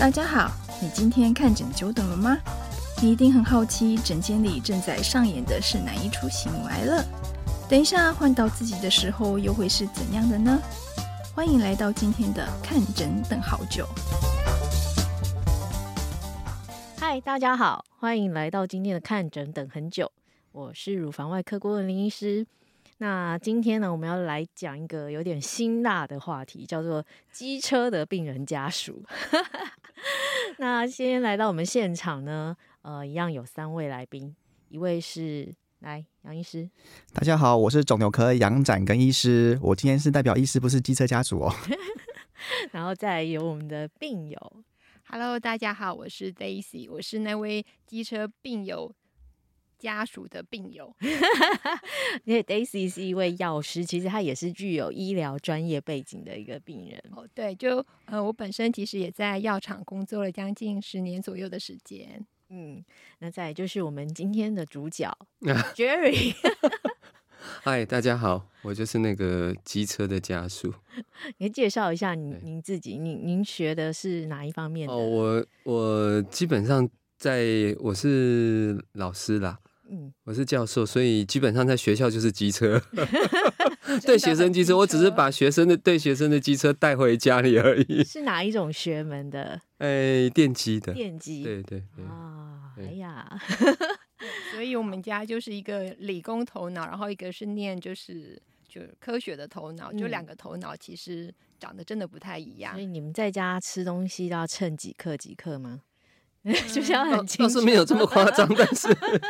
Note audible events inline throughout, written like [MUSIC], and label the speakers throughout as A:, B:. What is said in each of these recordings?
A: 大家好，你今天看診久等了嗎？你一定很好奇，診間裡正在上演的是哪一出喜怒哀樂？等一下換到自己的時候，又會是怎樣的呢？歡迎來到今天的看診等好久。嗨，大家好，歡迎來到今天的看診等很久。我是乳房外科郭玟伶醫師。那今天呢，我們要來講一個有點辛辣的話題，叫做“機車的病人家屬。” [LAUGHS] 那先來到我們現場呢，呃，一樣有三位來賓，一位是來楊醫師。
B: 大家好，我是腫瘤科楊展庚醫師，我今天是代表醫師，不是機車家屬哦。
A: [LAUGHS] 然後再來有我們的病友
C: ，Hello，大家好，我是 Daisy，我是那位機車病友。家屬的病友，
A: 因為 Daisy 是一位藥師，其實她也是具有醫療專業背景的一個病人。哦，
C: 對，就呃，我本身其實也在藥廠工作了將近十年左右的時間。
A: 嗯，那再就是我們今天的主角 [LAUGHS] Jerry。
D: 嗨， [LAUGHS] 大家好，我就是那個機車的家屬。
A: 您 [LAUGHS] 介紹一下您您自己，您您學的是哪一方面？哦，
D: 我我基本上在我是老師啦。嗯，我是教授，所以基本上在學校就是機車，
A: [LAUGHS] 對學生
D: 機車，我只是把學生的對學生的機車帶回家裡而已。
A: 是哪一種學門的？
D: 哎、欸，電機的。電機。對對對。啊、哦，哎
C: 呀 [LAUGHS] 所，所以我們家就是一個理工頭腦，然後一個是念就是就科學的頭腦、嗯，就兩個頭腦其實長得真的不太一樣。所以你
A: 們在家吃東西都要稱幾克幾克嗎？嗯、 [LAUGHS] 就像老老是要很精確，沒有這麼誇張， [LAUGHS] 但是。 [LAUGHS]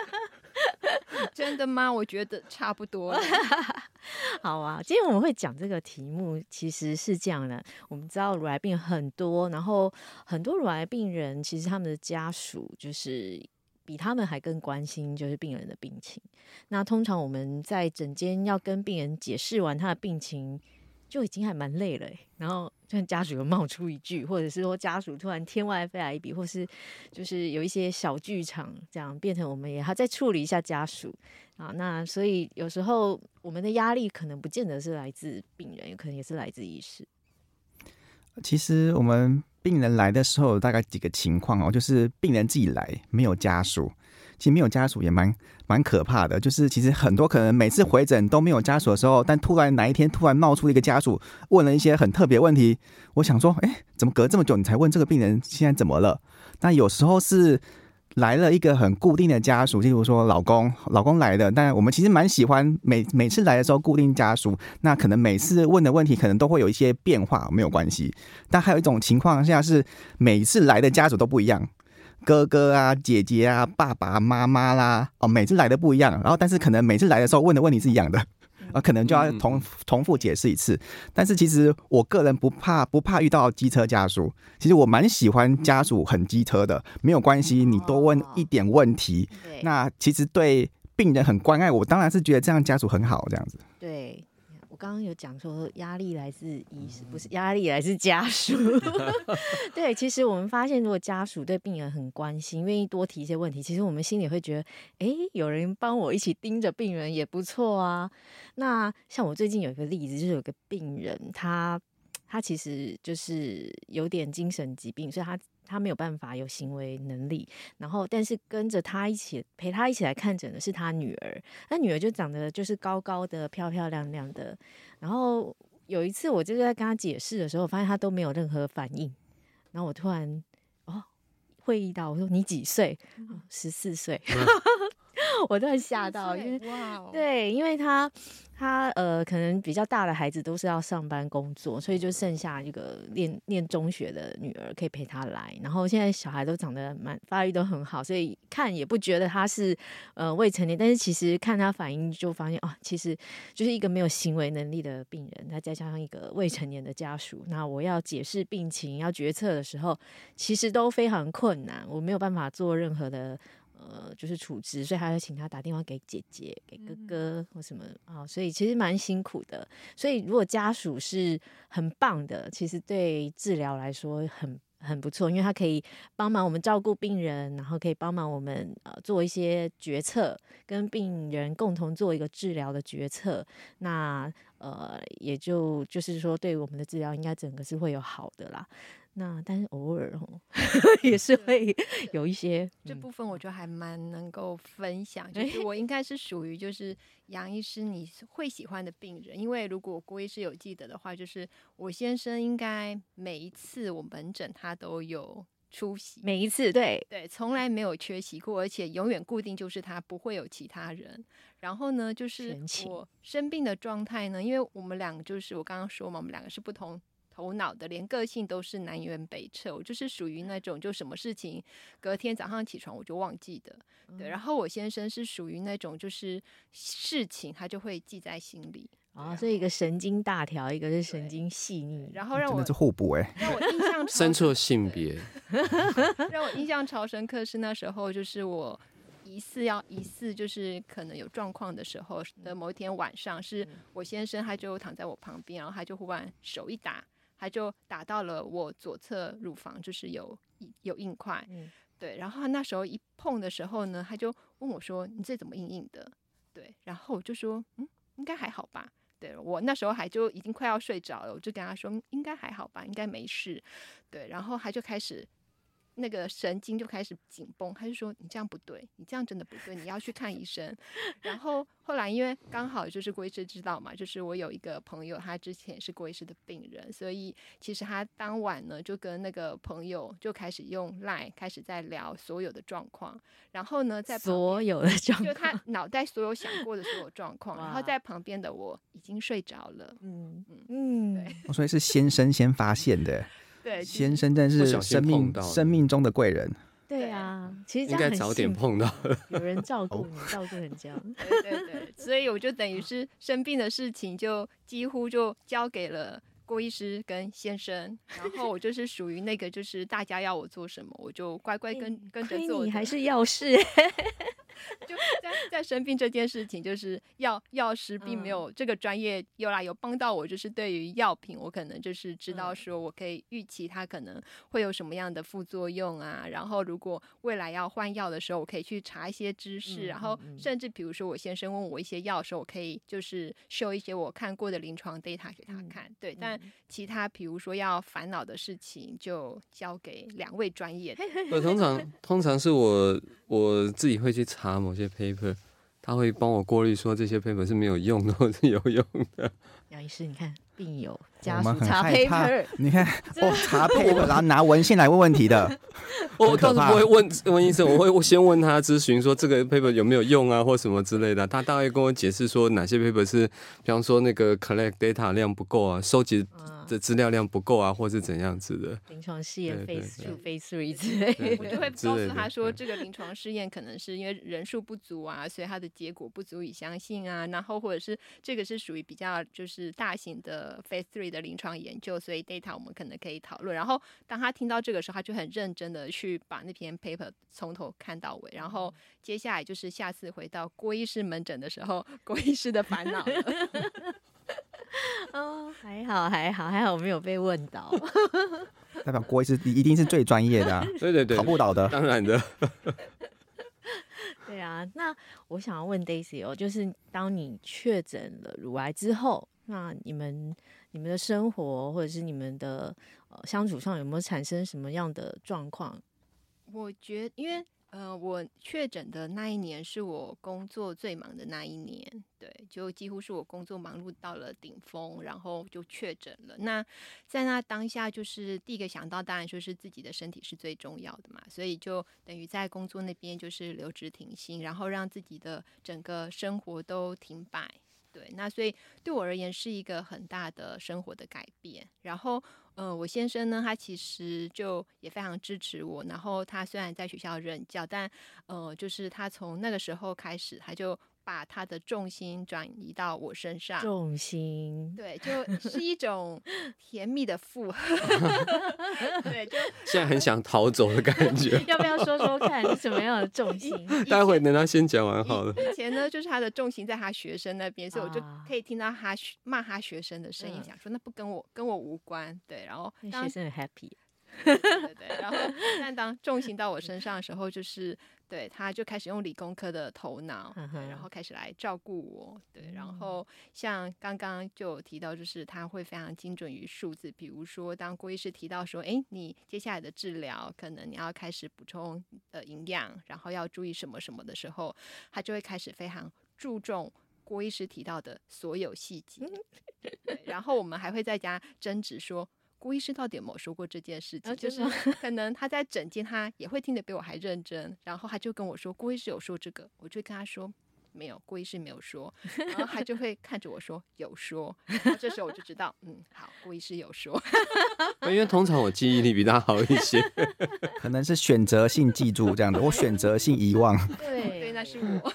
C: [LAUGHS] 真的嗎？我覺得差不多了。
A: [LAUGHS] 好啊，今天我們會講這個題目，其實是這樣的。我們知道乳癌病人很多，然後很多乳癌病人其實他們的家屬就是比他們還更關心，就是病人的病情。那通常我們在診間要跟病人解釋完他的病情。就已經還蠻累了，然後就像家屬又冒出一句，或者是說家屬突然天外飛來一筆，或是就是有一些小劇場，這樣變成我們也還在處理一下家屬啊。那所以有時候我們的壓力可能不見得是來自病人，可能也是來自醫師。
B: 其實我們病人來的時候大概幾個情況哦，就是病人自己來，沒有家屬。其實沒有家屬也蠻蠻可怕的，就是其實很多可能每次回診都沒有家屬的時候，但突然哪一天突然冒出一個家屬，問了一些很特別問題。我想說，哎，怎麼隔這麼久你才問這個病人現在怎麼了？但有時候是來了一個很固定的家屬，例如說老公，老公來的，但我們其實蠻喜歡每每次來的時候固定家屬，那可能每次問的問題可能都會有一些變化，沒有關係。但還有一種情況下是每次來的家屬都不一樣。哥哥啊，姐姐啊，爸爸、啊、媽媽啦，哦，每次來的不一樣，然後但是可能每次來的時候問的問題是一樣的，啊，可能就要重重複解釋一次、嗯，但是其實我個人不怕不怕遇到機車家屬，其實我蠻喜歡家屬很機車的，嗯、沒有關係，你多問一點問題、嗯哦，那其實對病人很關愛，我當然是覺得這樣家屬很好，這樣子。
A: 對。我剛剛有講說，壓力來自醫師，不是，壓力來自家屬。 [LAUGHS] 對，其實我們發現，如果家屬對病人很關心，願意多提一些問題，其實我們心裡會覺得，哎、欸，有人幫我一起盯着病人也不錯啊。那像我最近有一個例子，就是有個病人，他他其實就是有點精神疾病，所以他。他沒有辦法有行為能力，然後但是跟着他一起陪他一起來看診的是他女兒，那女兒就長得就是高高的、漂漂亮亮的。然後有一次我就是在跟他解釋的時候，我發現他都沒有任何反應。然後我突然哦會意到，我說你幾歲？嗯、十四歲。 [LAUGHS] [LAUGHS] 我都很嚇到是是，因為、wow、對，因為他他呃，可能比較大的孩子都是要上班工作，所以就剩下一個念念中學的女兒可以陪他來。然後現在小孩都長得蠻發育都很好，所以看也不覺得他是呃未成年。但是其實看他反應，就發現哦、啊，其實就是一個沒有行為能力的病人，他再加上一個未成年的家屬。那我要解釋病情、要決策的時候，其實都非常困難，我沒有辦法做任何的。呃，就是處置，所以還要請他打電話給姐姐、給哥哥或什麼啊、嗯哦，所以其實蠻辛苦的。所以如果家屬是很棒的，其實對治療來說很很不錯，因為他可以幫忙我們照顧病人，然後可以幫忙我們呃做一些決策，跟病人共同做一個治療的決策。那呃，也就就是說，對我們的治療應該整個是會有好的啦。那但是偶爾、哦、也是會有一些、嗯、這
C: 部分，我覺得還蠻能夠分享。就是我應該是屬於就是楊醫師你會喜歡的病人，因為如果郭醫師有記得的話，就是我先生應該每一次我門診他都有出席，每一次對對從來沒有缺席過，而且永遠固定就是他不會有其他人。然後呢，就是我生病的狀態呢，因為我們兩個就是我剛剛說嘛，我們兩個是不同。頭腦的，連個性都是南轅北轍。我就是屬於那種，就什麼事情隔天早上起床我就忘記的，對。然後我先生是屬於那種，就是事情他就會記在心裡。
A: 啊、哦，所以一個神經大條，一個是神經細膩。然後讓我們真的是互
B: 補哎。
C: 讓我印象 [LAUGHS]
D: 深刻的性別。
C: 讓我印象超深刻是那時候，就是我疑似要疑似就是可能有狀況的時候的某一天晚上，是我先生他就躺在我旁邊，然後他就忽然手一打。他就打到了我左側乳房，就是有有硬塊，嗯，對。然後他那時候一碰的時候呢，他就問我說：“你這怎麼硬硬的？”對，然後我就說：“嗯，應該還好吧。對”對，我那時候還就已經快要睡着了，我就跟他說：“應該還好吧，應該沒事。”對，然後他就開始。那個神經就開始緊繃，他就說：“你這樣不對，你這樣真的不對，你要去看醫生。 [LAUGHS] ”然後後來因為剛好就是郭醫師知道嘛，就是我有一個朋友，他之前是郭醫師的病人，所以其實他當晚呢就跟那個朋友就開始用 Line 開始在聊所有的狀況，然後呢在所有的狀況就他腦袋所有想過的所有狀況，然後在旁邊的我已經睡着了，嗯嗯
B: 嗯、對、哦，所以是先生先發現的。 [LAUGHS] 對先生，但是生命生命中的貴人。
C: 對啊，其實應該早點
B: 碰到。
A: [LAUGHS] 有人照顧你，照顧人家。對對對，
C: 所以我就等於是生病的事情，就幾乎就交給了，郭醫師跟先生，然後我就是屬於那個，就是大家要我做什麼， [LAUGHS] 我就乖乖跟跟着做。你還
A: 是藥師，
C: [LAUGHS] 就在在生病這件事情，就是藥，藥師並沒有、嗯、這個專業有來有幫到我。就是對於藥品，我可能就是知道說我可以預期它可能會有什麼樣的副作用啊。然後如果未來要換藥的時候，我可以去查一些知識。嗯、然後甚至比如說我先生問我一些藥的時候，我可以就是 show 一些我看過的臨床 data 給他看。嗯、對，但、嗯。其他比如說要煩惱的事情，就交給兩位專業的。對，通常
D: 通常是我我自己會去查某些 paper，他會幫我過濾說，這些 paper 是沒有用的或是有
B: 用的。
A: 楊醫師，你看病友家屬查 paper，你看哦，查 paper
B: 然後拿文獻來問問題的。我倒是不會問問醫生，我會先問他
D: 諮詢說這個 paper 有沒有用啊，或什麼之類的、啊。他大概跟我解釋說哪些 paper 是，比方說那個 collect data 量不夠啊，收集的資料量不夠啊，啊或是怎樣子的
A: 臨床試驗，對對對對對對 phase two phase three 之類的，我就會告訴他
C: 說這個臨床試驗可能是因為人數不足啊，對對對，所以他的結果不足以相信啊，然後或者是這個是屬於比較就是。是大型的 Phase Three 的臨床研究，所以 data 我們可能可以討論。然後當他聽到這個時候，他就很認真的去把那篇 paper 從頭看到尾。然後接下來就是下次回到郭醫師門診的時候，郭醫師的煩惱
A: 了。 [LAUGHS] 哦、還好，還好，還好我沒有被問到。
B: [LAUGHS] 代表郭醫師你一定是最專業的、啊， [LAUGHS] 對對對，考不倒的，當然的。
A: [LAUGHS] 對啊，那我想要問 Daisy 哦，就是當你確診了乳癌之後。那你們、你們的生活或者是你們的呃相處上有沒有產生什麼樣的狀況？
C: 我覺得，因為呃，我確診的那一年是我工作最忙的那一年，對，就幾乎是我工作忙碌到了頂峰，然後就確診了。那在那當下，就是第一個想到，當然就是自己的身體是最重要的嘛，所以就等於在工作那邊就是留職停薪，然後讓自己的整個生活都停擺。對，那所以對我而言是一個很大的生活的改變。然後，呃，我先生呢，他其實就也非常支持我。然後，他雖然在學校任教，但，呃，就是他從那個時候開始，他就，把他的重心轉移到我身上，
A: 重心。對，就
C: 是一種甜蜜的負荷， [LAUGHS] [LAUGHS] 對，
D: 就現在很想逃走的感覺。 [LAUGHS]
A: 要不要說說看你什麼樣的
C: 重心？
A: 待會
D: 等他先講完好了。
C: 以前呢，就是他的重心在他學生那邊， [LAUGHS] 所以我就可以聽到他罵他學生的聲音，啊、想說那不跟我跟我無關，對。然後那學生很 happy，、啊、對，對，對對。然後但當重心到我身上的時候，就是。對，他就開始用理工科的頭腦、嗯，然後開始來照顧我。對，然後像剛剛就有提到，就是他會非常精準於數字，比如說當郭醫師提到說，誒，你接下來的治療可能你要開始補充呃營養，然後要注意什麼什麼的時候，他就會開始非常注重郭醫師提到的所有細節。 [LAUGHS] 然後我們還會在家爭執說，郭醫師到底有沒有說過這件事情？哦、就是，可能他在診間，他也會聽得比我還認真。然後他就跟我說，郭醫師有說這個，我就跟他說沒有，郭醫師沒有說。然後他就會看着我說有說，這時候我就知道，嗯，好，郭醫師有說。
B: 嗯、因為通常我記憶力比他好一些， [LAUGHS] 可能是選擇性記住這樣的。我選擇性遺忘，
A: 對。對，那是我。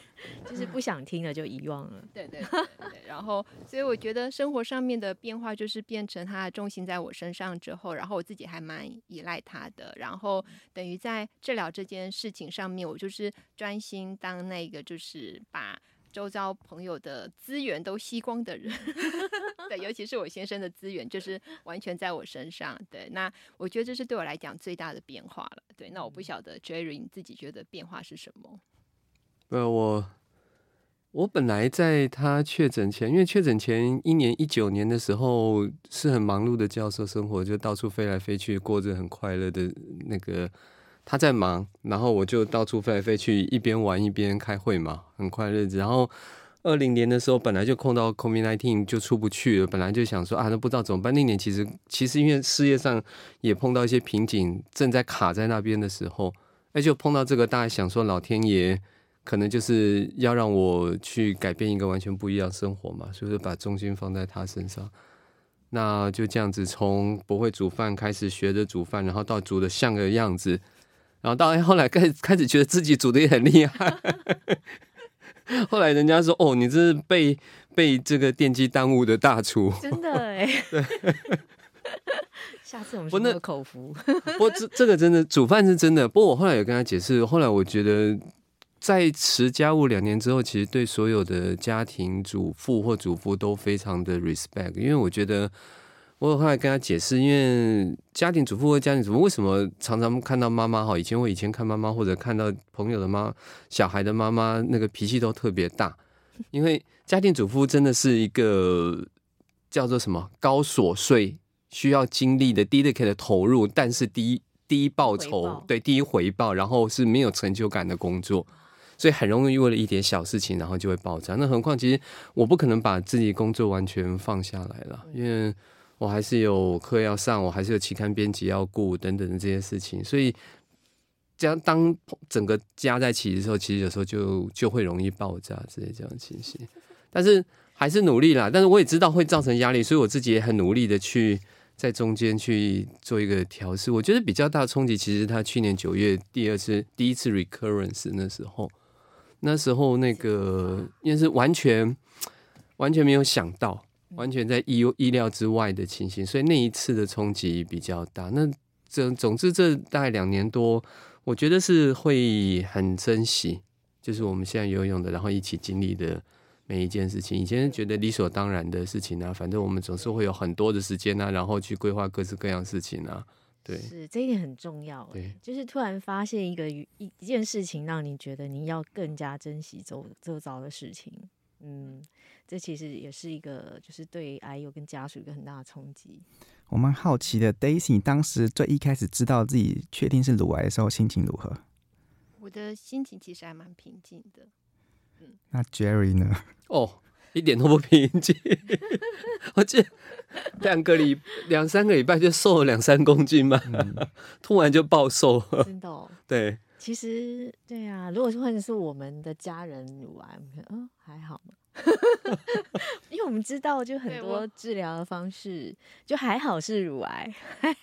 A: [LAUGHS] 就是不想聽了就遺忘了，嗯、對，對，對對
C: 對，然後所以我覺得生活上面的變化就是變成他的重心在我身上之後，然後我自己還蠻依賴他的，然後等於在治療這件事情上面，我就是專心當那個就是把周遭朋友的資源都吸光的人， [LAUGHS] 對，尤其是我先生的資源就是完全在我身上，對，那我覺得這是對我來講最大的變化了，對，那我不曉得 Jerry 你自己覺得變化是什麼？
D: 呃，我我本來在他確診前，因為確診前一年一九年的時候是很忙碌的教授生活，就到處飛來飛去，過着很快樂的那個。他在忙，然後我就到處飛來飛去，一邊玩一邊開會嘛，很快樂。然後二零年的時候本來就碰到 COVID-19，就出不去了。本來就想說啊，那不知道怎麼辦。那年其實其實因為事業上也碰到一些瓶頸，正在卡在那邊的時候，那就碰到這個，大家想說老天爺。可能就是要讓我去改變一個完全不一樣的生活嘛，所以說把重心放在他身上。那就這樣子，從不會煮飯開始學着煮飯，然後到煮的像個樣子，然後到後來開始開始覺得自己煮的也很厲害。 [LAUGHS] 後來人家說：“哦，你這是被被這個電機耽誤的大廚。”
A: 真的哎、欸，對 [LAUGHS] 下次我們獲個口福。不
D: 過這這個真的煮飯是真的。不過我後來有跟他解釋，後來我覺得。在持家務兩年之後，其實對所有的家庭主婦或主夫都非常的 respect，因為我覺得我有後來跟他解釋，因為家庭主婦或家庭主婦為什麼常常看到媽媽哈，以前我以前看媽媽或者看到朋友的媽小孩的媽媽，那個脾氣都特別大，因為家庭主婦真的是一個叫做什麼高瑣碎、需要精力的低的，的投入，但是低低報酬，回報對低回報，然後是沒有成就感的工作。所以很容易為了一點小事情，然後就會爆炸。那何況其實我不可能把自己工作完全放下來了，因為我還是有課要上，我還是有期刊編輯要顧等等的這些事情。所以，這樣當整個加在一起的時候，其實有時候就就會容易爆炸之類這，這樣的情形。但是還是努力啦，但是我也知道會造成壓力，所以我自己也很努力的去在中間去做一個調試。我覺得比較大的衝擊，其實他去年九月第二次，第一次 recurrence 那時候。那時候那個也是完全完全沒有想到，完全在意意料之外的情形，所以那一次的衝擊比較大。那這總之這大概兩年多，我覺得是會很珍惜，就是我們現在擁有的，然後一起經歷的每一件事情。以前是覺得理所當然的事情啊，反正我們總是會有很多的時間啊，然後去規劃各式各樣的事情啊。對，是
A: 這一點很重要。對，就是突然發現一個一一件事情，讓你覺得你要更加珍惜周周遭的事情。嗯，這其實也是一個，就是對癌友跟家屬一個很大的衝擊。
B: 我蠻好奇的，Daisy 當時最一開始知道自己確定是乳癌的時候，心情如何？
A: 我的
C: 心情其實還蠻平靜的。嗯，
B: 那 Jerry 呢？
D: 哦。一點都不平靜，我記得兩個禮，兩 [LAUGHS] 三個禮拜就瘦了兩三公斤嘛，嗯，突然就暴瘦了，真的哦，
A: 對，其實對呀，啊，如果是換成是我們的家人玩，嗯，還好嘛。 [LAUGHS] 因為我們知道，就很多治療的方式，就還好是乳癌。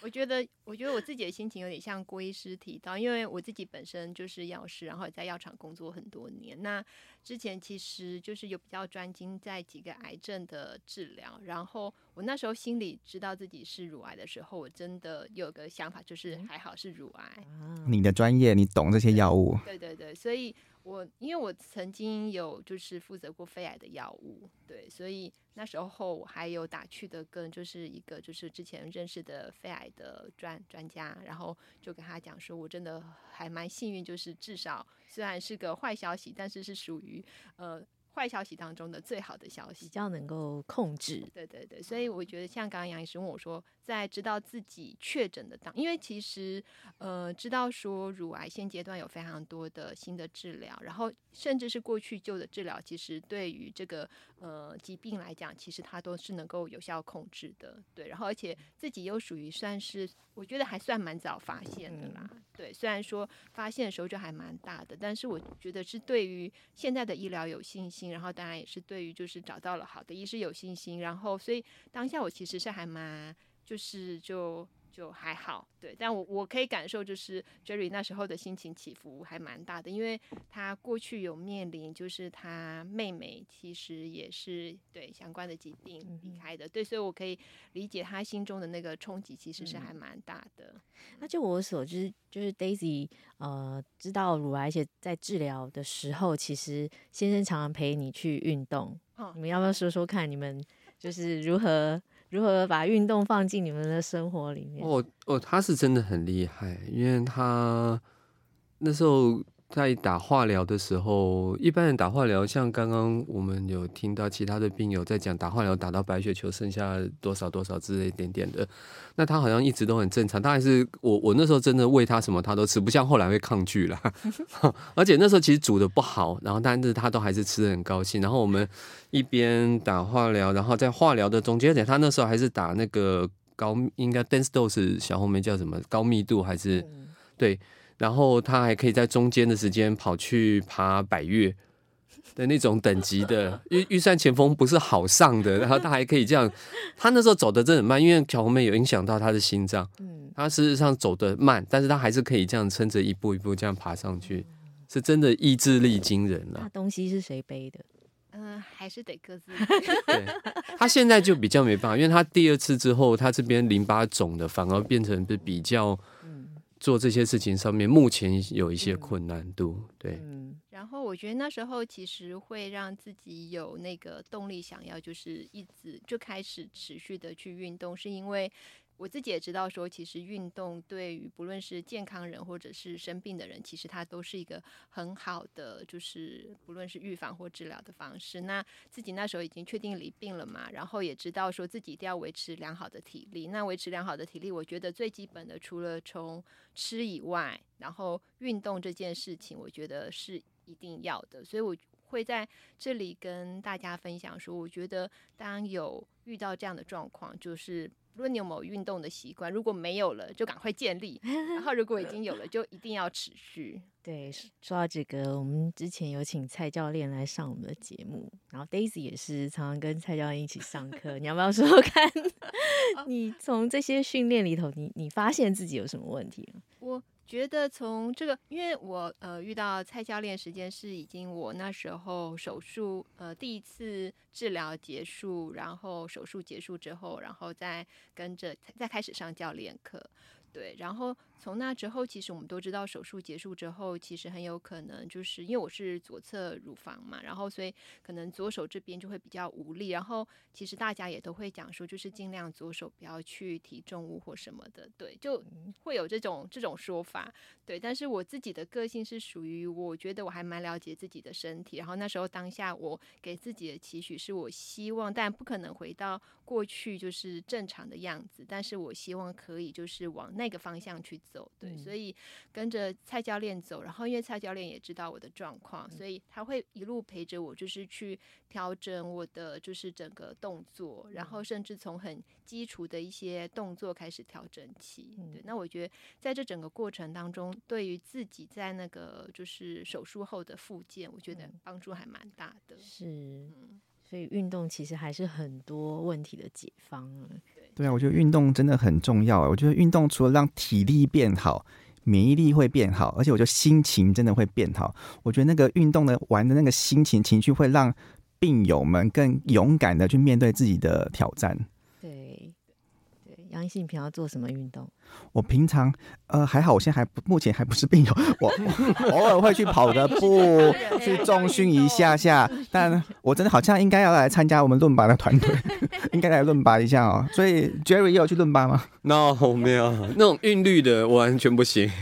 C: 我覺得，我覺得我自己的心情有點像郭醫師提到，因為我自己本身就是藥師，然後也在藥廠工作很多年。那之前其實就是有比較專精在幾個癌症的治療。然後我那時候心裡知道自己是乳癌的時候，我真的有個想法，就是還好是乳癌。
B: 啊、你的專業，你懂這些藥物。
C: 對，對對對，所以。我因為我曾經有就是負責過肺癌的藥物，對，所以那時候我還有打趣的跟就是一個就是之前認識的肺癌的專專家，然後就跟他講說，我真的還蠻幸運，就是至少雖然是個壞消息，但是是屬於呃壞消息當中的最好的消息，比較
A: 能夠控制。
C: 對對對，所以我覺得像剛剛楊醫師問我說。在知道自己確診的當，因為其實，呃，知道說乳癌現階段有非常多的新的治療，然後甚至是過去舊的治療，其實對於這個呃疾病來講，其實它都是能夠有效控制的，對。然後而且自己又屬於算是，我覺得還算蠻早發現的啦、嗯，對。雖然說發現的時候就還蠻大的，但是我覺得是對於現在的醫療有信心，然後當然也是對於就是找到了好的醫師有信心，然後所以當下我其實是還蠻。就是就就還好，對，但我我可以感受，就是 Jerry 那時候的心情起伏還蠻大的，因為他過去有面臨，就是他妹妹其實也是對相關的疾病離開的，嗯，對，所以我可以理解他心中的那個衝擊其實是還蠻大的，嗯。
A: 那就我所知，就是 Daisy，呃，知道乳癌，而且在治療的時候，其實先生常常陪你去運動，哦，你們要不要說說看，嗯，你們就是如何？如何把運動放進你們的生活裡面？哦，
D: 哦，他是真的很厲害，因為他那時候。在打化療的時候，一般人打化療，像剛剛我們有聽到其他的病友在講，打化療打到白血球剩下多少多少之類，一點點的。那他好像一直都很正常，他還是我我那時候真的餵他什麼他都吃，不像後來會抗拒了。 [LAUGHS] 而且那時候其實煮得不好，然後但是他都還是吃得很高興。然後我們一邊打化療，然後在化療的中間，他那時候還是打那個高，應該 dense dose 小紅莓叫什麼高密度還是對。然後他還可以在中間的時間跑去爬百岳的那種等級的預預算前鋒不是好上的。然後他還可以這樣。他那時候走的真的很慢，因為小紅莓有影響到他的心臟。嗯，他事實上走的慢，但是他還是可以這樣撐着一步一步這樣爬上去，是真的意志力驚人啊！那
A: 東西是誰背的？嗯、呃，還是得各自。 [LAUGHS] 對，
D: 他現在就比較沒辦法，因為他第二次之後，他這邊淋巴腫的反而變成是比較。做這些事情上面，目前有一些困難度，對、嗯。
C: 然後我覺得那時候其實會讓自己有那個動力，想要就是一直就開始持續的去運動，是因為。我自己也知道，說其實運動對於不論是健康人或者是生病的人，其實它都是一個很好的，就是不論是預防或治療的方式。那自己那時候已經確定罹病了嘛，然後也知道說自己一定要維持良好的體力。那維持良好的體力，我覺得最基本的除了從吃以外，然後運動這件事情，我覺得是一定要的。所以我會在這裡跟大家分享說，我覺得當有遇到這樣的狀況，就是。如果你有沒有運動的習慣，如果沒有了，就趕快建立；然後如果已經有了， [LAUGHS] 就一定要持續。
A: 對，說到這個，我們之前有請蔡教練來上我們的節目，然後 Daisy 也是常常跟蔡教練一起上課。 [LAUGHS] 你要不要說說看？ [LAUGHS] [LAUGHS] 你從這些訓練裡頭，你你發現自己有什麼問題嗎？
C: 我。覺得從這個，因為我呃遇到蔡教練時間是已經我那時候手術呃第一次治療結束，然後手術結束之後，然後再跟着再開始上教練課，對，然後。從那之後，其實我們都知道手術結束之後，其實很有可能就是因為我是左側乳房嘛，然後所以可能左手這邊就會比較無力。然後其實大家也都會講說，就是儘量左手不要去提重物或什麼的，對，就會有這種這種說法，對。但是我自己的個性是屬於，我覺得我還蠻了解自己的身體。然後那時候當下我給自己的期許是我希望，但不可能回到過去就是正常的樣子，但是我希望可以就是往那個方向去。走對，所以跟着蔡教練走，然後因為蔡教練也知道我的狀況，嗯、所以他會一路陪着我，就是去調整我的就是整個動作，嗯，然後甚至從很基礎的一些動作開始調整起，嗯。對，那我覺得在這整個過程當中，對於自己在那個就是
A: 手術後的復健，我覺得幫助還蠻大的。嗯、是、嗯，所以運動其實還是很多問題的解方。
B: 對啊，我覺得運動真的很重要。我覺得運動除了讓體力變好，免疫力會變好，而且我覺得心情真的會變好。我覺得那個運動的玩的那個心情情緒，會讓病友們更勇敢的去面對自己的挑戰。
A: 楊醫師平常做什麼運動？
B: 我平常呃還好，我現在還不目前還不是病友，我，我偶爾會去跑個步， [LAUGHS] 去重訓一下下。但我真的好像應該要來參加我們倫巴的團隊， [LAUGHS] [LAUGHS] 應該來倫巴一下哦。所以 Jerry 又要去倫巴嗎
D: ？No，沒有 [LAUGHS] 那種韻律的，我完全不行。
C: [LAUGHS]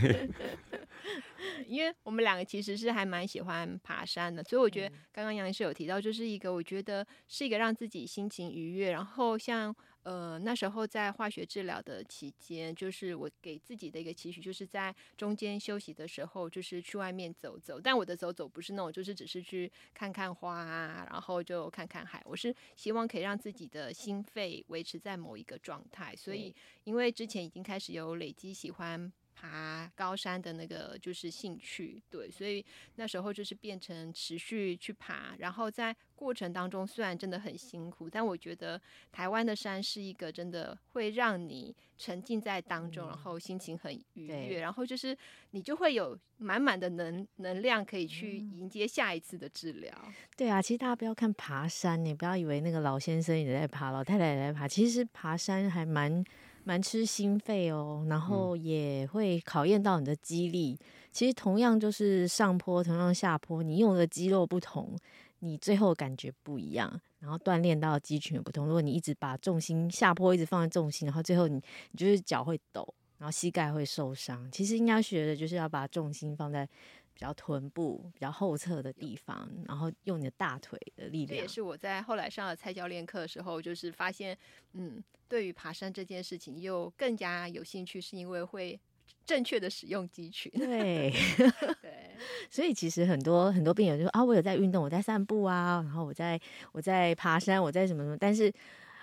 C: 因為我們兩個其實是還蠻喜歡爬山的，所以我覺得剛剛楊醫師有提到，就是一個我覺得是一個讓自己心情愉悅，然後像。呃，那時候在化學治療的期間，就是我給自己的一個期許，就是在中間休息的時候，就是去外面走走。但我的走走不是那種，就是只是去看看花啊，然後就看看海。我是希望可以讓自己的心肺維持在某一個狀態。所以，因為之前已經開始有累積喜歡。爬高山的那個就是興趣，對，所以那時候就是變成持續去爬，然後在過程當中雖然真的很辛苦，但我覺得台灣的山是一個真的會讓你沉浸在當中，嗯、然後心情很愉悅，然後就是你就會有滿滿的能能量可以去迎接下一次的治療、嗯。
A: 對啊，其實大家不要看爬山，你不要以為那個老先生也在爬，老太太也在爬，其實爬山還蠻。蠻吃心肺哦，然後也會考驗到你的肌力。嗯。其實同樣就是上坡，同樣下坡，你用的肌肉不同，你最後感覺不一樣，然後鍛鍊到的肌群也不同。如果你一直把重心下坡，一直放在重心，然後最後你你就是腳會抖，然後膝蓋會受傷。其實應該學的就是要把重心放在。比較臀部、比較後側的地方，然後用你的大腿的力量。這也是
C: 我在後來上了蔡教練課的時候，就是發現，嗯，對於爬山這件事情又更加有興趣，是因為會正確的使用肌群。對， [LAUGHS] 對。
A: [LAUGHS] 所以其實很多很多病友就說啊，我有在運動，我在散步啊，然後我在我在爬山，我在什麼什麼，但是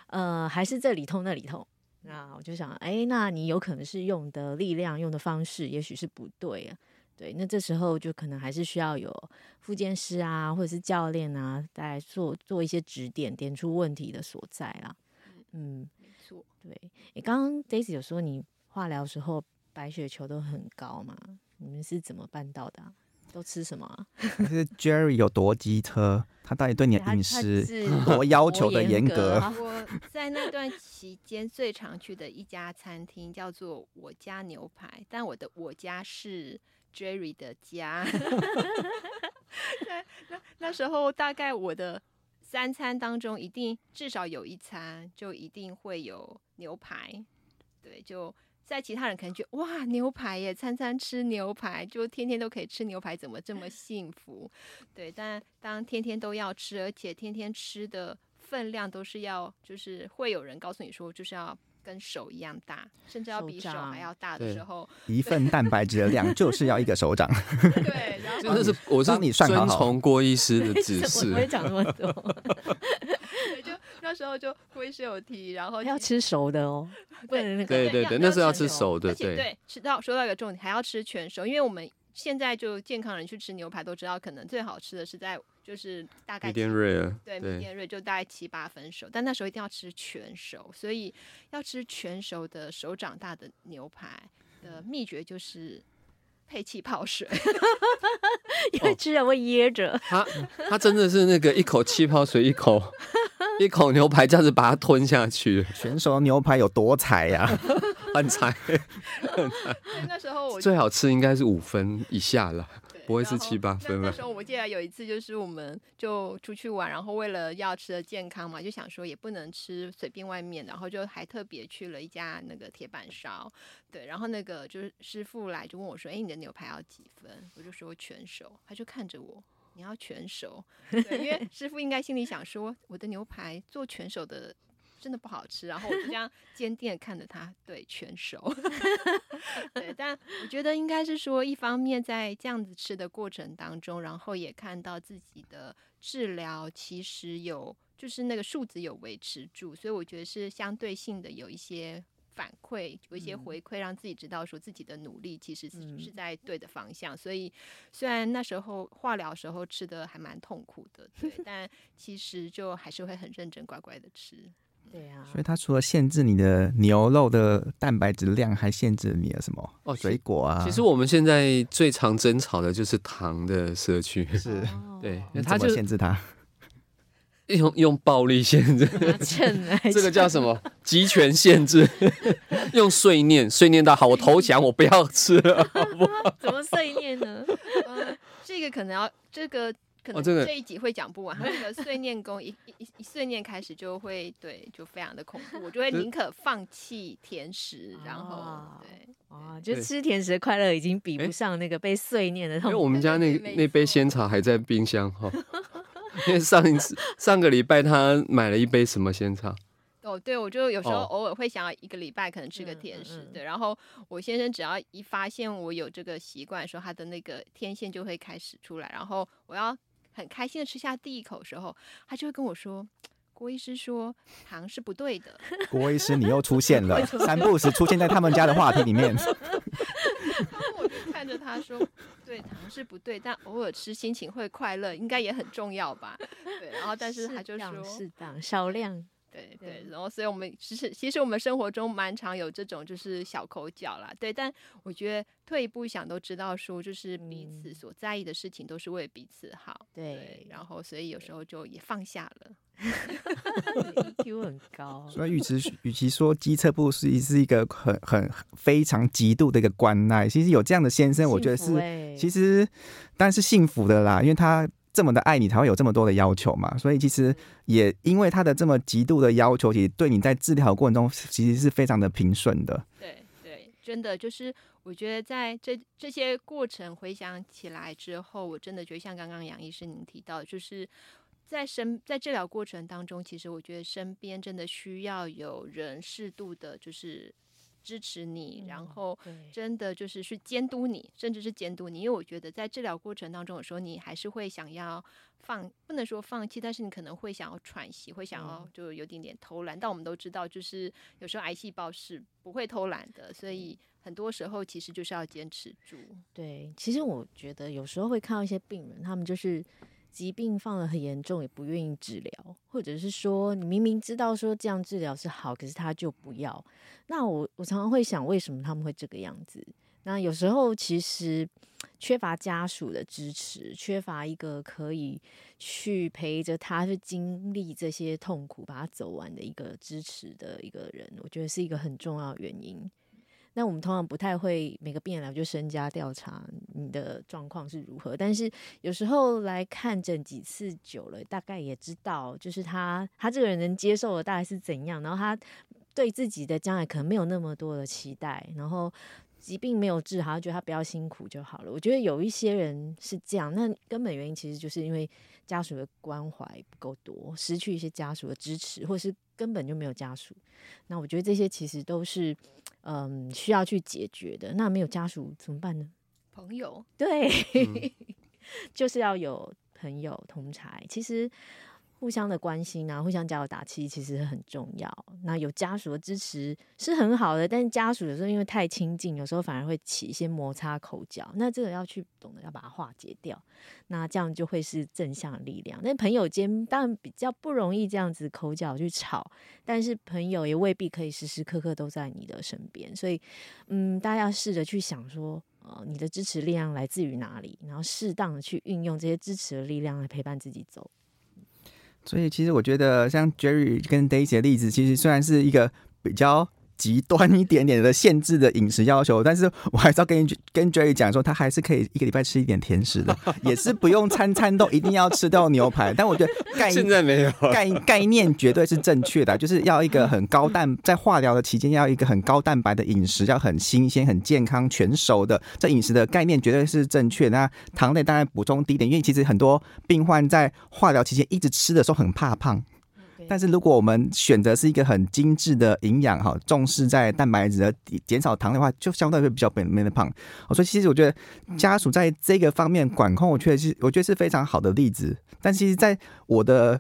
A: 呃，還是這裡痛那裡痛。那我就想，哎，那你有可能是用的力量、用的方式，也許是不對啊。對，那這時候就可能還是需要有復健師啊，或者是教練啊，來做做一些指點，點出問題的所在啦。嗯，嗯沒錯。對，剛、欸、剛 Daisy 有說，你化療時候白血球都很高嘛？你們是怎麼辦到的？啊？都吃什麼？
B: 啊？ [LAUGHS] 是 Jerry 有多機車？他到底對你的飲食有多要求的嚴格？ [LAUGHS] 我
C: 在那段期間最常去的一家餐廳叫做我家牛排，但我的我家是。Jerry 的家， [LAUGHS] 那那那時候大概我的三餐當中，一定至少有一餐就一定會有牛排。對，就在其他人可能覺得哇，牛排耶，餐餐吃牛排，就天天都可以吃牛排，怎麼這麼幸福？對，但當天天都要吃，而且天天吃的分量都是要，就是會有人告訴你說就是要。跟手一樣大，甚至要比手還要大的時
B: 候，一份蛋白質的量就是要一個手掌。對，真的是，我是你算遵從郭醫師的指示，不會講那麼
C: 多。 [LAUGHS] [LAUGHS] 對，就那時候就郭醫師有提，然後要吃熟的哦，對對對，那是要吃熟
A: 的，對對，
C: 吃到說到一個重點，還要吃全熟，因為我們。現在就健康人去吃牛排都知道，可能最好吃的是在就是大概，有點瑞對，有點瑞就大概七八分熟，但那時候一定要吃全熟，所以要吃全熟的手掌大的牛排的秘訣就是配氣泡水，
A: 因為吃會噎着。他
D: 他真的是那個一口氣泡水，一口 [LAUGHS] 一口牛排這樣子把它吞下去，全熟的牛排有多彩呀、啊！ [LAUGHS] 飯菜
A: 那時候我最好
D: 吃應該是五分以下了， [LAUGHS] 不會是七八分吧，吧那？那
C: 時候我記得有一次就是我們就出去玩，然後為了要吃的健康嘛，就想說也不能吃隨便外面，然後就還特別去了一家那個鐵板燒，對，然後那個就是師傅來就問我說：“哎、欸，你的牛排要幾分？”我就說全熟，他就看着我，你要全熟，對，因為師傅應該心裡想說我的牛排做全熟的。真的不好吃，然後我就這樣堅定看着它， [LAUGHS] 對，全熟。 [LAUGHS] 對，但我覺得應該是說，一方面在這樣子吃的過程當中，然後也看到自己的治療其實有，就是那個數字有維持住，所以我覺得是相對性的有一些反饋，有一些回饋，讓自己知道說自己的努力其實是在對的方向。所以雖然那時候化療時候吃的還蠻痛苦的，對，但其實就還是會很認真乖乖的吃。
B: 所以它除了限制你的牛肉的蛋白質量，還限制你的什麼？哦，水果啊。其
D: 實我們現在最常爭吵的就是糖的攝取是對。它、哦、就限制它，
B: 用用暴力限
D: 制。 [LAUGHS] 這個叫什麼？極權限制。 [LAUGHS] 用碎念碎念到好，我投降，我不要吃了。好
C: 好怎麼碎念呢、呃？這個可能要這個。可能這一集會講不完。他、哦、那個碎念功 [LAUGHS] 一一一碎念開始就會，對，就非常的恐怖。我就會寧可放棄甜食， [LAUGHS] 然後對，
A: 哦、啊啊，就吃甜食的快樂已經比不上那個被碎念的痛苦。因、欸、為我們家那那杯
D: 仙草還在冰箱哈，哦、 [LAUGHS] [LAUGHS] 因為上一次上個禮拜他買了一杯什麼仙草。
C: 哦，對，我就有時候偶爾會想要一個禮拜可能吃個甜食，嗯，對。然後我先生只要一發現我有這個習慣，說他的那個天線就會開始出來，然後我要。很開心地吃下第一口的時候，他就會跟我說：“郭醫師說糖是不對的。”
B: 郭醫師，你又出現了， [LAUGHS] 三不時出現在他們家的話題裡面。
C: 然 [LAUGHS] 後我就看着他說：“對，糖是不對，但偶爾吃心情會快樂，應該也很重要吧？”對，然後但是他就說：“適當，
A: 少量。亮”
C: 對對，然後，所以我們其實其實我們生活中蠻常有這種就是小口角啦，對。但我覺得退一步想都知道，說就是彼此所在意的事情都是為彼此好。嗯、對,對，然後所以有時候就也放下了。 [LAUGHS] EQ
D: 很高，
B: 所以與其與其說機車部是一是一個很很非常極度的一個關愛，其實有這樣的先生，我覺得是、欸、其實但是幸福的啦，因為他。這麼的愛你才會有這麼多的要求嘛，所以其實也因為他的這麼極度的要求，其實對你在治療過程中其實是非常的平順的。
C: 對對，真的就是我覺得在這這些過程回想起來之後，我真的覺得像剛剛楊醫生您提到，就是在身在治療過程當中，其實我覺得身邊真的需要有人適度的，就是。支持你，然後真的就是去監督你、嗯，甚至是監督你，因為我覺得在治療過程當中，有時候你還是會想要放，不能說放棄，但是你可能會想要喘息，會想要就有點點偷懶。哦、但我們都知道，就是有時候癌細胞是不會偷懶的，所以很多時候其實就是要堅持住。
A: 對，其實我覺得有時候會看到一些病人，他們就是。疾病放得很嚴重，也不願意治療，或者是說你明明知道說這樣治療是好，可是他就不要。那我我常常會想，為什麼他們會這個樣子？那有時候其實缺乏家屬的支持，缺乏一個可以去陪着他去經歷這些痛苦，把他走完的一個支持的一個人，我覺得是一個很重要的原因。那我們通常不太會每個病人來就身家調查。你的狀況是如何？但是有時候來看診幾次久了，大概也知道，就是他他這個人能接受的大概是怎樣。然後他對自己的將來可能沒有那麼多的期待。然後疾病沒有治好，他覺得他不要辛苦就好了。我覺得有一些人是這樣。那根本原因其實就是因為家屬的關懷不夠多，失去一些家屬的支持，或是根本就沒有家屬。那我覺得這些其實都是嗯需要去解決的。那沒有家屬怎麼辦呢？朋友對，嗯、 [LAUGHS] 就是要有朋友同儕，其實互相的關心啊，互相加油打氣，其實很重要。那有家屬的支持是很好的，但是家屬有時候因為太親近，有時候反而會起一些摩擦口角。那這個要去懂得要把它化解掉，那這樣就會是正向力量。那朋友間當然比較不容易這樣子口角去吵，但是朋友也未必可以時時刻刻都在你的身邊，所以嗯，大家要試着去想說。呃，你的支持力量來自於哪裡？然後適當的去運用這些支持的力量來陪伴自己走。
B: 所以，其實我覺得像 Jerry 跟 Daisy 的例子，其實雖然是一個比較極端一點點的限制的飲食要求，但是我還是要跟 J, 跟 Jerry 講說，他還是可以一個禮拜吃一點甜食的，也是不用餐餐都一定要吃到牛排。但我覺得概念沒有概概念絕對是正確的，就是要一個很高蛋在化療的期間要一個很高蛋白的飲食，要很新鮮、很健康、全熟的。這飲食的概念絕對是正確。那糖類當然補充低一點，因為其實很多病患在化療期間一直吃的時候很怕胖。但是如果我們選擇是一個很精緻的營養哈，重視在蛋白質的減少糖的話，就相對會比較不那麼胖。所以其實我覺得家屬在這個方面管控我，確實我覺得是非常好的例子。但是其實，在我的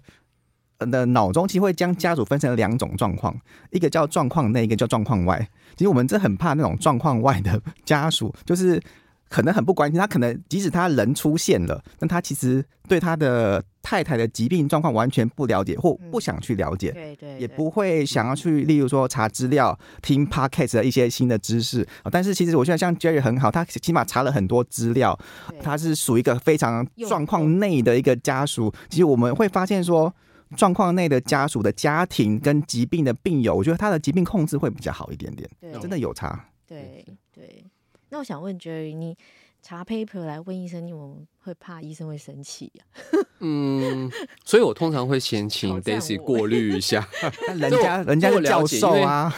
B: 的腦中，其實會將家屬分成兩種狀況：一個叫狀況內，那一個叫狀況外。其實我們真很怕那種狀況外的家屬，就是可能很不關心他，可能即使他人出現了，但他其實對他的。太太的疾病狀況完全不了解，或不想去了解，嗯、對，對對，也不會想要去，例如說查資料、嗯、對對對聽 podcast 的一些新的知識、哦。但是其實我現在像 Jerry 很好，他起碼查了很多資料，他是屬於一個非常狀況內的一個家屬。其實我們會發現說，狀況內的家屬的家庭跟疾病的病友，我覺得他的疾病控制會比較好一點點，對，真的有差。
A: 對對，那我想問 Jerry，你。查 paper 來問醫生，你們會怕醫生會生氣、啊、 [LAUGHS] 嗯，
D: 所以我通常會先請 Daisy 過濾一下，
B: [LAUGHS] 人家人家教授啊，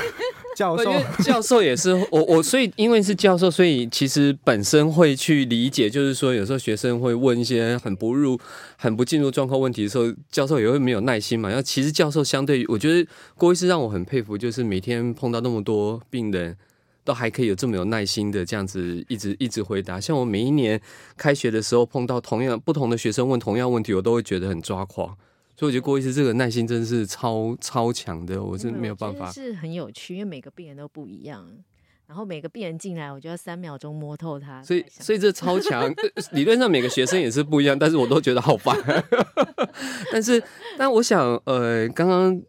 B: 教授
D: [LAUGHS] 教授也是我我所以因為是教授，所以其實本身會去理解，就是說有時候學生會問一些很不入、很不進入狀況問題的時候，教授也會沒有耐心嘛。然後其實教授相對於，我覺得郭醫師讓我很佩服，就是每天碰到那麼多病人。都還可以有這麼有耐心的這樣子一直一直回答，像我每一年開學的時候碰到同樣不同的學生問同樣問題，我都會覺得很抓狂，所以我覺得郭醫師這個耐心真的是超超強的，我是沒有辦法。是
A: 很有趣，因為每個病人都不一樣，然後每個病人進來，我就要三秒鐘摸透他，所以所以這超強。 [LAUGHS] 理論上每個學生
D: 也是不一樣，但是我都覺得好煩。 [LAUGHS] 但是但我想，呃，剛剛。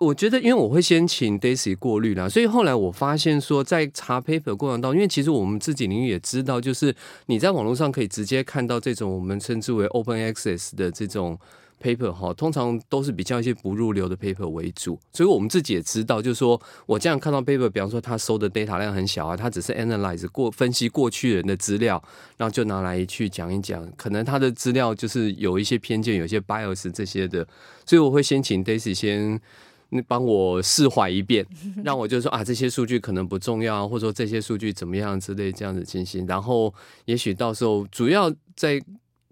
D: 我覺得，因為我會先請 Daisy 過濾啦，所以後來我發現說，在查 paper 過程當中，因為其實我們自己你也知道，就是你在網絡上可以直接看到這種我們稱之為 open access 的這種 paper 哈，通常都是比較一些不入流的 paper 為主，所以我們自己也知道，就是說我這樣看到 paper，比方說他收的 data 量很小啊，他只是 analyze 過分析過去人的資料，然後就拿來去講一講，可能他的資料就是有一些偏見、有一些 bias 這些的，所以我會先請 Daisy 先。你幫我釋懷一遍，讓我就說啊，這些數據可能不重要或者說這些數據怎麼樣之類這樣子進行。然後也許到時候主要在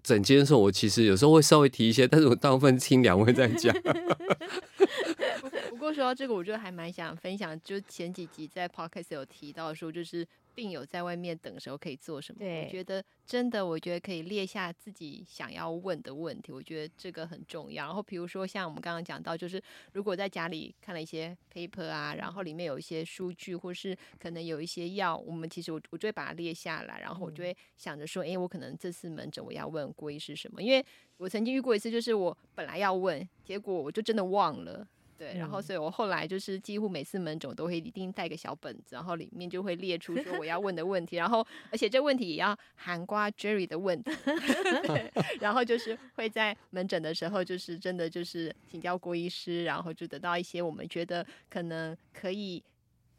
D: 總結的時候，我其實有時候會稍微提一些，但是我大部分聽兩位在講
C: [LAUGHS] 不過說到這個，我覺得還蠻想分享，就前幾集在 Podcast 有提到的說，就是。病友在外面等的時候可以做什麼？我覺得真的，我覺得可以列下自己想要問的問題。我覺得這個很重要。然後比如說像我們剛剛講到，就是如果在家裡看了一些 paper 啊，然後裡面有一些數據，或是可能有一些藥，我們其實我我就會把它列下來，然後我就會想着說，嗯、誒，我可能這次門診我要問關是什麼？因為我曾經遇過一次，就是我本來要問，結果我就真的忘了。對，然後所以我後來就是幾乎每次門診都會一定帶個小本子，然後裡面就會列出說我要問的問題，然後而且這問題也要含括 Jerry 的問的，然後就是會在門診的時候，就是真的就是請教郭醫師，然後就得到一些我們覺得可能可以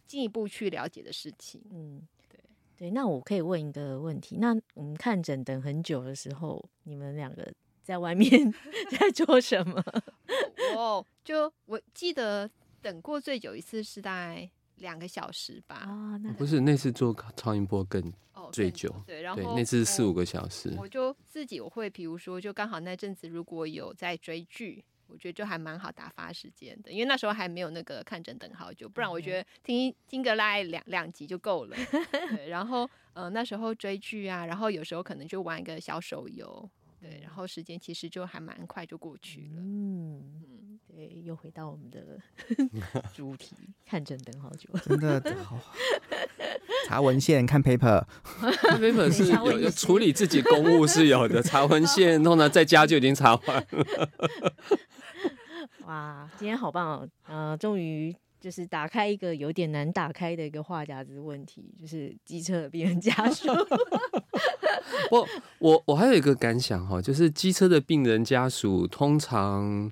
C: 進一步去了解的事情。
A: 嗯，對對，那我可以問一個問題，那我們看診等很久的時候，你們兩個。在外面在做什麼？哦
C: [LAUGHS] oh,，就我記得等過最久一次是在兩個小時吧。那、oh, that... 不
D: 是那次做超音波更最久，oh, okay. 對，然後那次是四五個小時、呃。我
C: 就自己我會，比如說，就剛好那陣子如果有在追劇，我覺得就還蠻好打發時間的，因為那時候還沒有那個看診等好久，不然我覺得聽聽個來兩兩集就夠了。對，然後呃，那時候追劇啊，然後有時候可能就玩一個小手遊。對，然後時間其實就還蠻快就過去
A: 了。嗯，對，又回到我們的主題， [LAUGHS] 看診等好久。真的好、
B: 哦，查文獻看 paper，paper
A: [LAUGHS] [LAUGHS] paper 是
D: 有 [LAUGHS] 處理自己公務是有的， [LAUGHS] 查文獻然後呢在家就已經查完了。
A: [LAUGHS] 哇，今天好棒哦，呃，終於就是打開一個有點難打開的一個話匣子問題，就是機車的病人家屬。 [LAUGHS]
D: 我我我還有一個感想哈，就是機車的病人家屬通常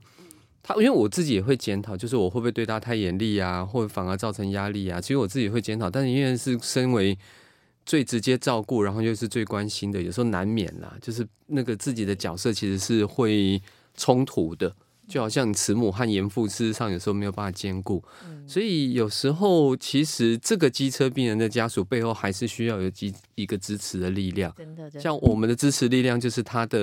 D: 他，他因為我自己也會檢討，就是我會不會對他太嚴厲啊，或者反而造成壓力啊？其實我自己也會檢討，但是因為是身為最直接照顧，然後又是最關心的，有時候難免啦，就是那個自己的角色其實是會衝突的。就好像慈母和嚴父，事實上有時候沒有辦法兼顧。嗯，所以有時候其實這個機車病人的家屬背後還是需要有一個支持的力量。真的，像我們的支持力量就是他的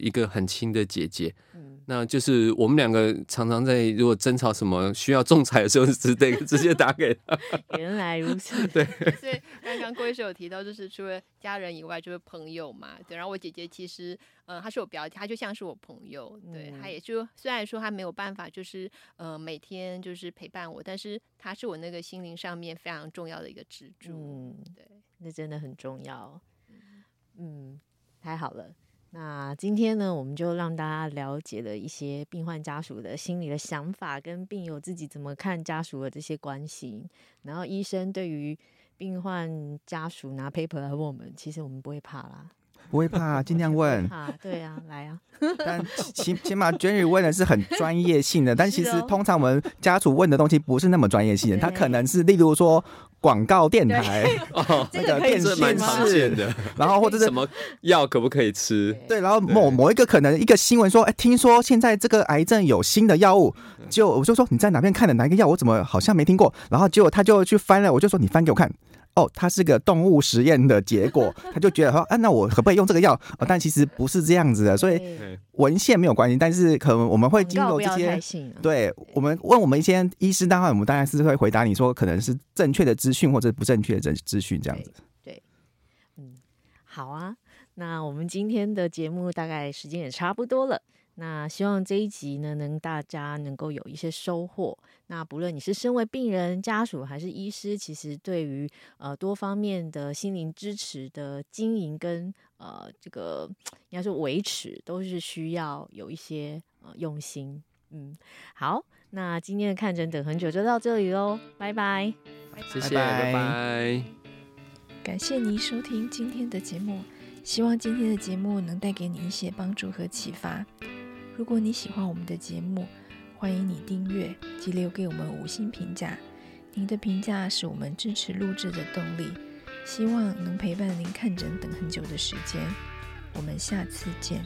D: 一個很親的姐姐。嗯那就是我們兩個常常在如果爭吵什麼需要仲裁的時候是直直直接打給
A: 他。 [LAUGHS] 原來如此。對。 [LAUGHS] 所以
C: 剛剛郭醫生有提到，就是除了家人以外，就是朋友嘛。對，然後我姐姐其實，嗯，她是我表姐，她就像是我朋友。對。她也就雖然說她沒有辦法，就是呃每天就是陪伴我，但是她是我那個心靈上面非常重要的一個支柱。
A: 嗯。對。那真的很重要。嗯。嗯，太好了。那今天呢，我們就讓大家了解了一些病患家屬的心理的想法，跟病友自己怎麼看家屬的這些關係。然後醫生對於病患家屬拿 paper 來問我們，其實我們不會怕啦。
B: 不會怕，盡量問。 [LAUGHS] 對啊，
A: 對呀、啊，來呀。但
B: 起起碼 Jerry 問的是很專業性的，但其實通常我們家屬問的東西不是那麼專業性的，他 [LAUGHS] 可能是例如說廣告電台，
D: [LAUGHS] 那個電視，然後或者是什麼藥可不可以吃？對，
B: 對然後某某一個可能一個新聞說，哎、欸，聽說現在這個癌症有新的藥物，就我就說你在哪邊看的哪一個藥，我怎麼好像沒聽過？然後結果他就去翻了，我就說你翻給我看。哦，它是個動物實驗的結果，他就覺得說，哎、 [LAUGHS] 啊，那我可不可以用這個藥、哦？但其實不是這樣子的，所以文獻沒有關係，但是可能我們會經過這些，告對我們問我們一些醫師，大概我們大概是會回答你說，可能是正確的資訊或者不正確的資資訊這樣子對。
A: 對，嗯，好啊，那我們今天的節目大概時間也差不多了。那希望這一集呢，能大家能夠有一些收穫。那不論你是身為病人家屬還是醫師，其實對於呃多方面的心靈支持的經營跟呃這個應該說維持，都是需要有一些呃用心。嗯，好，那今天的看診等很久就到這裡嘍，拜拜，拜拜，謝謝，拜拜，感謝您收聽今天的節目，希望今天的節目能帶給你一些幫助和啟發。如果你喜歡我們的節目，歡迎你訂閱及留給我們五星評價。您的評價是我們支持錄制的動力，希望能陪伴您看診等很久的時間。我們下次見。